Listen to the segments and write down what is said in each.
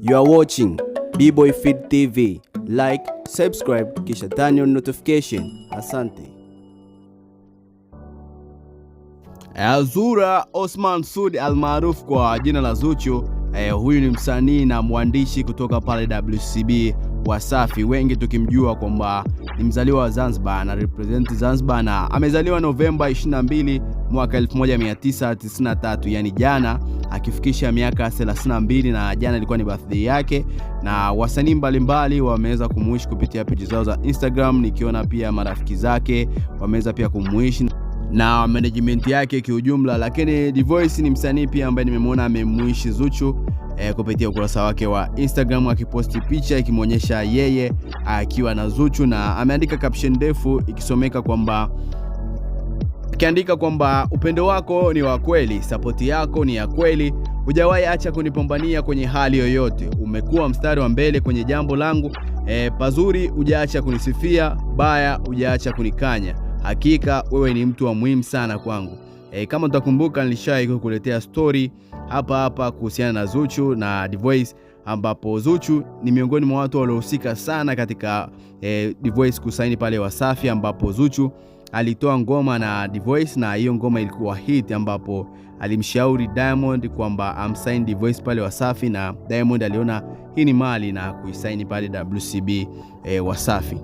You are watching B-Boy Feed TV. Like, subscribe kisha turn on notification. Asante. Azura Osman Sud almaarufu kwa jina la Zuchu. Eh, huyu ni msanii na mwandishi kutoka pale WCB Wasafi, wengi tukimjua kwamba ni mzaliwa wa Zanzibar, na represent Zanzibar na amezaliwa Novemba 22 mwaka 1993, yani jana, akifikisha miaka 32, na jana ilikuwa ni birthday yake, na wasanii mbalimbali wameweza kumuishi kupitia page zao za Instagram, nikiona pia marafiki zake wameweza pia kumuishi na management yake kiujumla, lakini Dvoice ni msanii pia ambaye nimemwona amemuishi Zuchu e, kupitia ukurasa wake wa Instagram akiposti picha ikimwonyesha yeye akiwa na Zuchu na ameandika caption ndefu ikisomeka kwamba akiandika kwamba upendo wako ni wa kweli, sapoti yako ni ya kweli, hujawahi acha kunipambania kwenye hali yoyote, umekuwa mstari wa mbele kwenye jambo langu e, pazuri hujaacha kunisifia, baya hujaacha kunikanya. Hakika wewe ni mtu wa muhimu sana kwangu. E, kama utakumbuka nilishawahi kukuletea story hapa hapa kuhusiana na Zuchu na Dvoice ambapo Zuchu ni miongoni mwa watu waliohusika sana katika eh, e, Dvoice kusaini pale Wasafi ambapo Zuchu alitoa ngoma na Dvoice na hiyo ngoma ilikuwa hit, ambapo alimshauri Diamond kwamba amsign Dvoice pale Wasafi, na Diamond aliona hii ni mali na kuisaini pale WCB e, eh, Wasafi,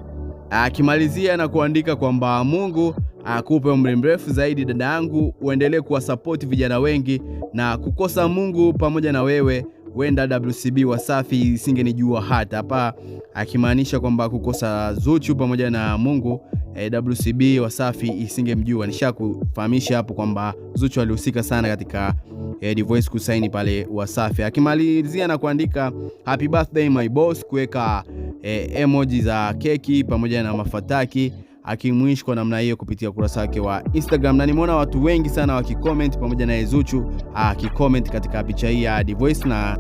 akimalizia na kuandika kwamba Mungu akupe umri mrefu zaidi dada yangu, uendelee kuwasapoti vijana wengi na kukosa Mungu pamoja na wewe wenda WCB Wasafi isingenijua hata hapa, akimaanisha kwamba kukosa Zuchu pamoja na Mungu eh, WCB Wasafi isingemjua. Nishakufahamisha hapo kwamba Zuchu alihusika sana katika eh, Divoice kusaini pale Wasafi, akimalizia na kuandika happy birthday my boss, kuweka eh, emoji za keki pamoja na mafataki akimwishi kwa namna hiyo kupitia ukurasa wake wa Instagram, na nimeona watu wengi sana wakikoment pamoja na Zuchu akikoment ah, katika picha hii ya Voice na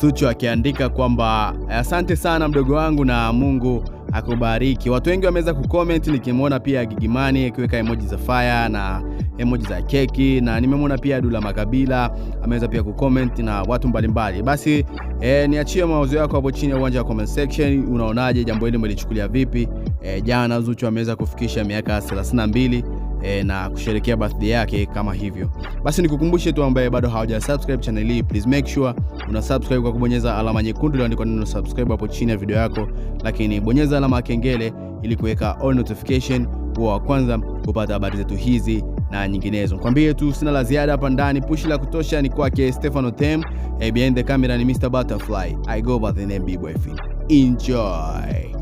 Zuchu akiandika kwamba asante sana mdogo wangu na Mungu akubariki. Watu wengi wameweza kucomment, nikimwona pia Gigimani akiweka emoji za fire na emoji za keki, na nimemwona pia Dula Makabila ameweza pia kucomment na watu mbalimbali Basi e, niachie mawazo yako hapo chini ya uwanja wa comment section. Unaonaje jambo hili, mlichukulia vipi? E, jana Zuchu ameweza kufikisha miaka 32 E, eh, na kusherekea birthday yake kama hivyo. Basi nikukumbushe tu ambaye bado hawaja subscribe channel hii, please make sure una subscribe kwa kubonyeza alama nyekundu iliyoandikwa neno subscribe hapo chini ya video yako, lakini bonyeza alama ya kengele ili kuweka all notification, huwa wa kwanza kupata habari zetu hizi na nyinginezo. Nikwambie tu sina la ziada hapa ndani. Pushi la kutosha ni kwake Stefano Tem. Hey, behind the camera ni Mr Butterfly. I go by the name Bboyf. Enjoy.